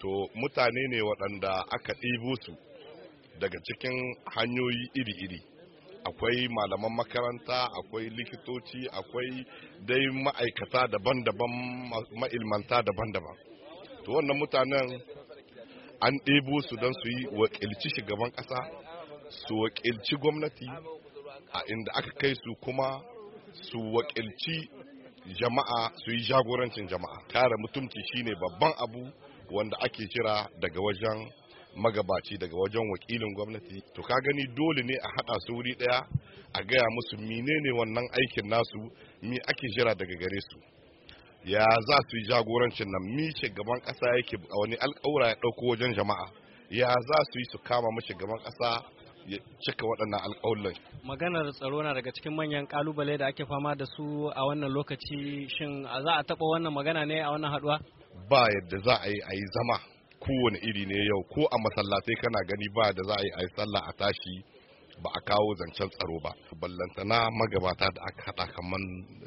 to mutane ne waɗanda aka ɗibo su daga cikin hanyoyi iri-iri akwai malaman makaranta akwai likitoci akwai dai ma'aikata daban-daban ma'ilmanta daban-daban to wannan mutanen an ɗebo su don su yi wakilci shugaban ƙasa su wakilci gwamnati a inda aka kai su kuma su wakilci jama'a su yi jagorancin jama'a kare mutumci shine babban abu wanda ake kira daga wajen magabaci daga wajen wakilin gwamnati to ka gani dole ne a hada su wuri daya a gaya musu menene wannan aikin nasu mi ake jira daga gare su ya za su yi jagorancin nan mi gaban kasa yake a wani alƙawura ya ɗauko wajen jama'a ya za su yi su kama mu gaban kasa ya cika waɗannan alƙawullan. Maganar tsaro na daga cikin manyan kalubale da ake fama da su a wannan lokaci shin za a taɓa wannan magana ne a wannan haɗuwa? ba yadda za a yi a yi zama kowane iri ne yau ko a masallatai kana gani ba da za a yi a yi sallah a tashi ba a kawo zancen tsaro ba ballantana magabata da aka haɗa kaman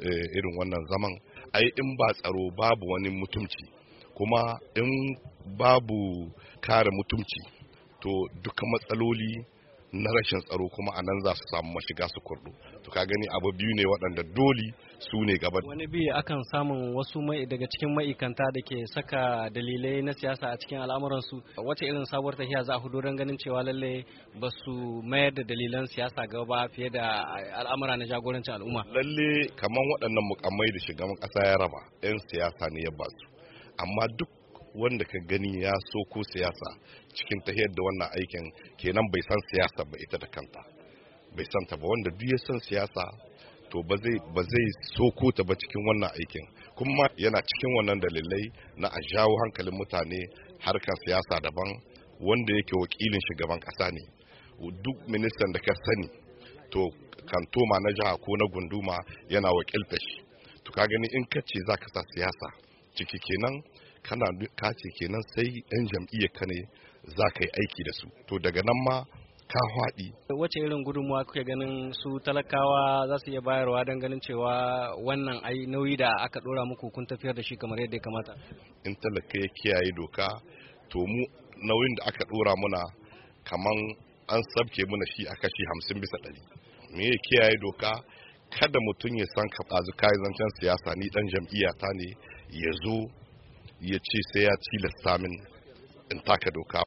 eh, irin wannan zaman ai in ba tsaro babu wani mutumci kuma in babu kare mutumci to duka matsaloli na rashin tsaro kuma a nan za su samu mashiga su kurdu to ka gani abu biyu ne waɗanda doli su ne gaba wani biyu akan samun wasu mai daga cikin ma'aikanta da ke saka dalilai na siyasa a cikin al'amuransu wace irin sabuwar tafiya za a hudu don ganin cewa lalle ba su mayar da dalilan siyasa gaba ba fiye da al'amura na jagorancin al'umma lalle kamar waɗannan mukammai da shugaban ƙasa ya raba 'yan siyasa ne ya ba su amma duk wanda ka gani ya so ko siyasa cikin ta da wannan aikin kenan bai san siyasa ba ita da kanta bai san ta ba wanda duk ya san siyasa to ba zai ba zai so ko ta ba cikin wannan aikin kuma yana cikin wannan dalilai na a jawo hankalin mutane harkar siyasa daban wanda yake wakilin shugaban kasa ne duk ministan da ka sani to kantoma na jiha ko na gunduma yana wakilta shi to ka gani in ka ce za ka sa siyasa ciki kenan kana kace kenan sai yan jam'iyyar ka ne za ka yi aiki da su to daga nan ma ka haɗi. Wace irin gudunmawa kuke ganin su talakawa za su iya bayarwa don ganin cewa wannan ai nauyi da aka ɗora muku kun tafiyar da shi kamar yadda ya kamata? In talaka ya kiyaye doka, to mu nauyin da aka ɗora muna kamar an sabke muna shi a kashi hamsin bisa ɗari. Me ya kiyaye doka? Kada mutum ya san ka zancen siyasa ni ɗan jam'iyyata ne ya zo ya ce sai ya tilasta min in taka doka